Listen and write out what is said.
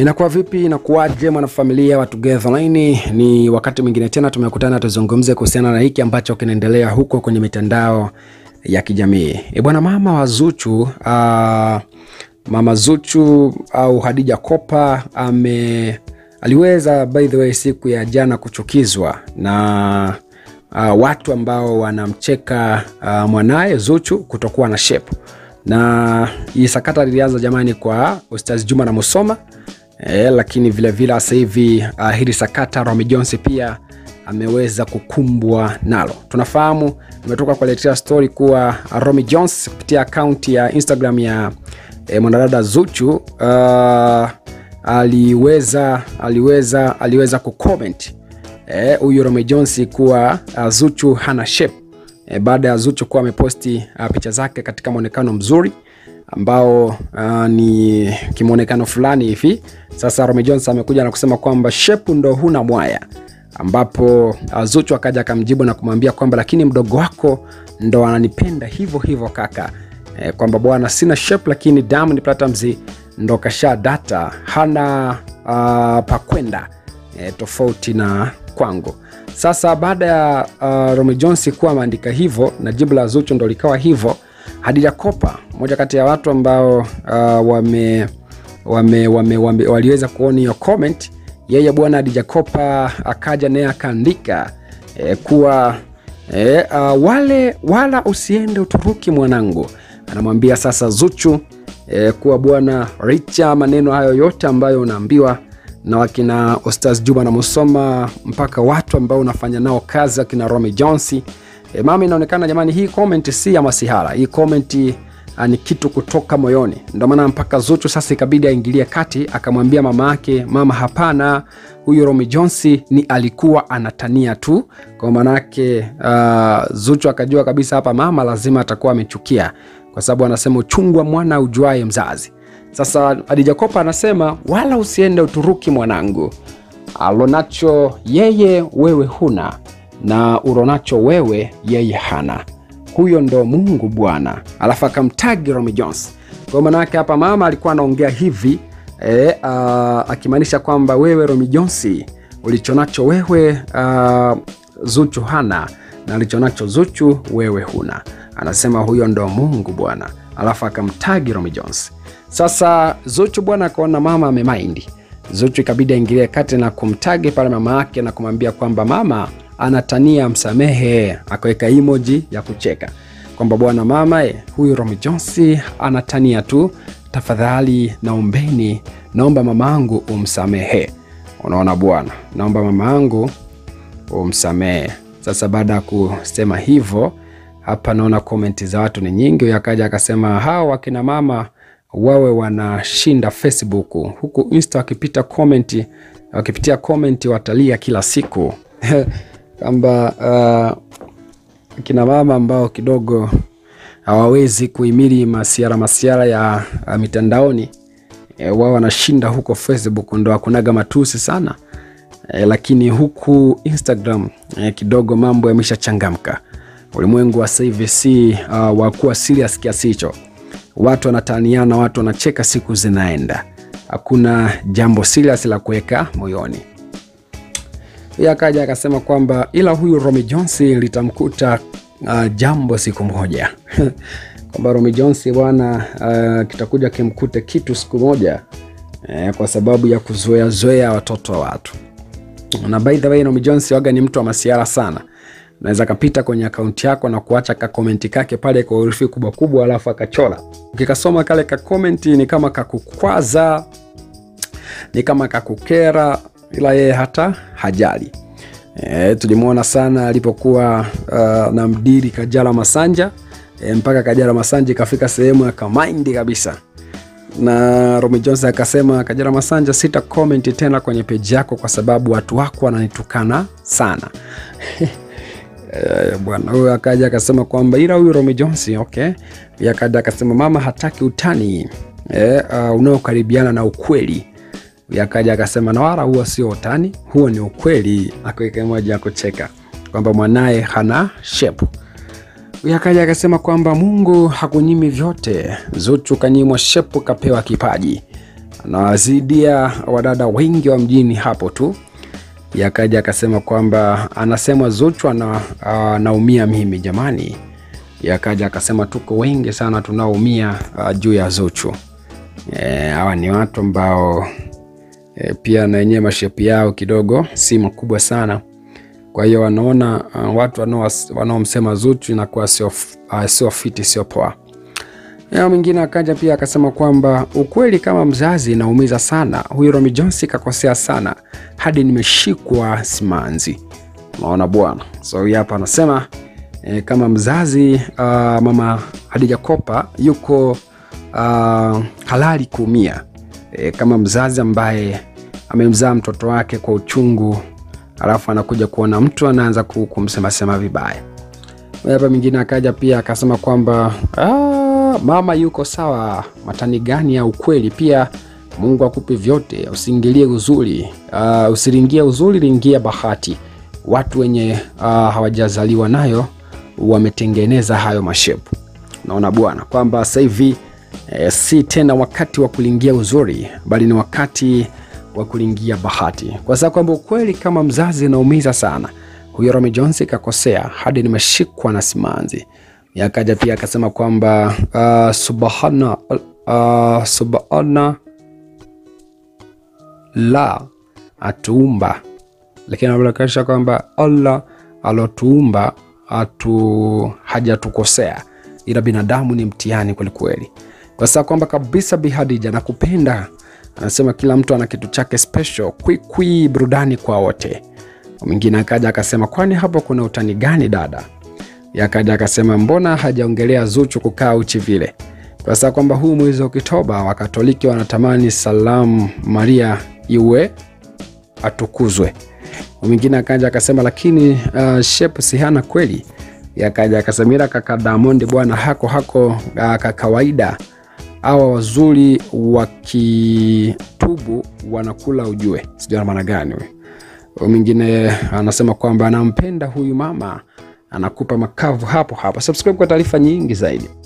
Inakuwa vipi, inakuwaje mwanafamilia wa Together Online? Ni wakati mwingine tena tumekutana tuzungumze kuhusiana na hiki ambacho kinaendelea huko kwenye mitandao ya kijamii. E bwana, mama wa Zuchu a, mama Zuchu au Hadija Kopa ame aliweza by the way siku ya jana kuchukizwa na uh, watu ambao wanamcheka uh, mwanaye Zuchu kutokuwa na shepu, na hii sakata lilianza jamani kwa Ustaz Juma na Musoma e, lakini vilevile sasa hivi uh, ah, hili sakata Romy Jones pia ameweza kukumbwa nalo. Tunafahamu imetoka kuletea stori kuwa Romy Jones kupitia akaunti ya Instagram ya e, mwanadada Zuchu uh, aliweza aliweza aliweza kucomment eh, huyu e, Romy Jones kuwa uh, Zuchu hana shape e, baada ya Zuchu kuwa ameposti uh, picha zake katika mwonekano mzuri ambao uh, ni kimonekano fulani hivi. Sasa rome Jones amekuja na kusema kwamba shepu ndo huna mwaya, ambapo uh, Zuchu akaja akamjibu na kumwambia kwamba lakini mdogo wako ndo ananipenda hivyo hivyo kaka, e, kwamba bwana sina shepu, lakini damu ni Platnumz ndo kasha data hana uh, ah, pakwenda e, eh, tofauti na kwangu. Sasa baada ya uh, rome Jones kuwa ameandika hivyo na jibu la Zuchu ndo likawa hivyo Hadija Kopa, moja kati ya watu ambao uh, wame, wame, wame, wame, waliweza kuona hiyo comment, yeye bwana Hadija Kopa akaja naye akaandika eh, kuwa eh, uh, wale wala usiende Uturuki mwanangu, anamwambia sasa Zuchu eh, kuwa bwana richa maneno hayo yote ambayo unaambiwa na wakina Ostaz Juma na Musoma mpaka watu ambao unafanya nao kazi wakina Romy Jones E, mama inaonekana jamani, hii comment si ya masihara, hii comment ah, ni kitu kutoka moyoni. Ndio maana mpaka Zuchu sasa ikabidi aingilie kati, akamwambia mama yake, mama, hapana, huyu Romy Jones ni alikuwa anatania tu. Kwa maana yake uh, Zuchu akajua kabisa hapa mama lazima atakuwa amechukia, kwa sababu anasema uchungwa mwana ujuaye mzazi. Sasa Khadija Kopa anasema wala usiende Uturuki mwanangu, alonacho yeye wewe huna na uronacho wewe, yeye hana. Huyo ndo Mungu Bwana. Alafu akamtagi Romy Jones. Kwa maana yake hapa mama alikuwa anaongea hivi e, a, akimaanisha kwamba wewe Romy Jones ulichonacho wewe a, Zuchu hana na alichonacho Zuchu wewe huna. Anasema huyo ndo Mungu Bwana, alafu akamtagi Romy Jones. Sasa Zuchu bwana akaona mama amemaindi. Zuchu ikabidi aingilie kati na kumtagi pale mama yake na kumwambia kwamba mama anatania msamehe, akaweka emoji ya kucheka kwamba bwana mama e, huyu Romy Jones anatania tu, tafadhali naombeni, naomba mamangu umsamehe. Unaona bwana, naomba mamangu umsamehe. Sasa baada ya kusema hivyo, hapa naona komenti za watu ni nyingi. Huyo akaja akasema hawa wakina mama wawe wanashinda Facebook, huku Insta wakipita komenti, wakipitia komenti watalia kila siku kwamba uh, kina mama ambao kidogo hawawezi kuhimili masiara masiara ya uh, mitandaoni e, wao wanashinda huko Facebook ndo hakunaga matusi sana e, lakini huku Instagram e, kidogo mambo yameshachangamka. Ulimwengu wa sasa hivi si uh, wa kuwa serious kiasi hicho. Watu wanataniana, watu wanacheka, siku zinaenda, hakuna jambo serious la kuweka moyoni yakaja akasema kwamba ila huyu romi Jones litamkuta uh, jambo siku moja kwamba romi Jones bwana uh, kitakuja kimkute kitu siku moja eh, kwa sababu ya kuzoeazoea watoto wa watu. Na by the way, romi Jones waga ni mtu wa masiara sana naweza kapita kwenye akaunti yako na kuacha kakomenti kake pale kwa urufi kubwa kubwa, alafu akachora. Ukikasoma kale kakomenti, ni kama kakukwaza, ni kama kakukera, ila yeye hata hajali. E, tulimwona sana alipokuwa uh, na mdiri Kajala Masanja e, mpaka Kajala Masanja ikafika sehemu ya kamaindi kabisa, na Romy Jones akasema, Kajala Masanja, sita comment tena kwenye peji yako kwa sababu watu wako wananitukana sana. E, bwana huyo akaja akasema kwamba ila huyu Romy Jones okay, akaja akasema mama hataki utani e, uh, unaokaribiana na ukweli Yakaja akasema nawara huo sio utani, huo ni ukweli, akaweka moja ya kucheka kwamba mwanaye hana shepu. Yakaja akasema kwamba Mungu hakunyimi vyote, Zuchu kanyimwa shepu, kapewa kipaji, anawazidia wadada wengi wa mjini hapo tu. Yakaja akasema kwamba anasema Zuchu anaumia uh, mimi jamani. Yakaja akasema tuko wengi sana tunaumia uh, ah, juu ya Zuchu. Eh, hawa e, ni watu ambao e, pia na yenyewe mashepu yao kidogo si makubwa sana. Kwa hiyo wanaona uh, watu wanaomsema Zuchu inakuwa sio uh, fiti, sio poa. Na eh, mwingine akaja pia akasema kwamba ukweli kama mzazi inaumiza sana, huyu Romy Jones kakosea sana hadi nimeshikwa simanzi. Unaona bwana, so hii hapa anasema e, kama mzazi uh, mama Hadija Kopa yuko uh, halali kuumia e, kama mzazi ambaye amemzaa mtoto wake kwa uchungu, alafu anakuja kuona mtu anaanza kumsemasema vibaya. Hapa mingine akaja pia akasema kwamba ah, mama yuko sawa, matani gani ya ukweli? Pia Mungu akupe vyote, usiingilie uzuri, uh, usiringie uzuri, lingia bahati. Watu wenye uh, hawajazaliwa nayo wametengeneza hayo mashepu. Naona bwana kwamba sasa hivi eh, si tena wakati wa kulingia uzuri, bali ni wakati wa kulingia bahati, kwa sababu kwamba ukweli kama mzazi inaumiza sana. Huyo Romy Jones kakosea hadi nimeshikwa na simanzi. Yakaja pia akasema kwamba uh, subhana uh, subhana la atuumba, lakini anabakisha kwamba Allah alotuumba atu hajatukosea, ila binadamu ni mtihani kwelikweli. Kwa sababu kwamba kabisa, Bi nakupenda anasema kila mtu ana kitu chake special, kwikwi, burudani kwa wote. Mwingine akaja akasema kwani hapo kuna utani gani dada? Yakaja akasema mbona hajaongelea Zuchu kukaa uchi vile? Sasa kwamba huu mwezi wa Oktoba Wakatoliki wanatamani salamu Maria iwe atukuzwe. Mwingine akaja akasema lakini uh, shepu sihana kweli. Yakaja akasema akasamira kaka damondi bwana hako hako uh, kakawaida hawa wazuri wakitubu wanakula ujue. Sijui maana gani huyu. Mwingine anasema kwamba anampenda huyu mama, anakupa makavu hapo hapo. Subscribe kwa taarifa nyingi zaidi.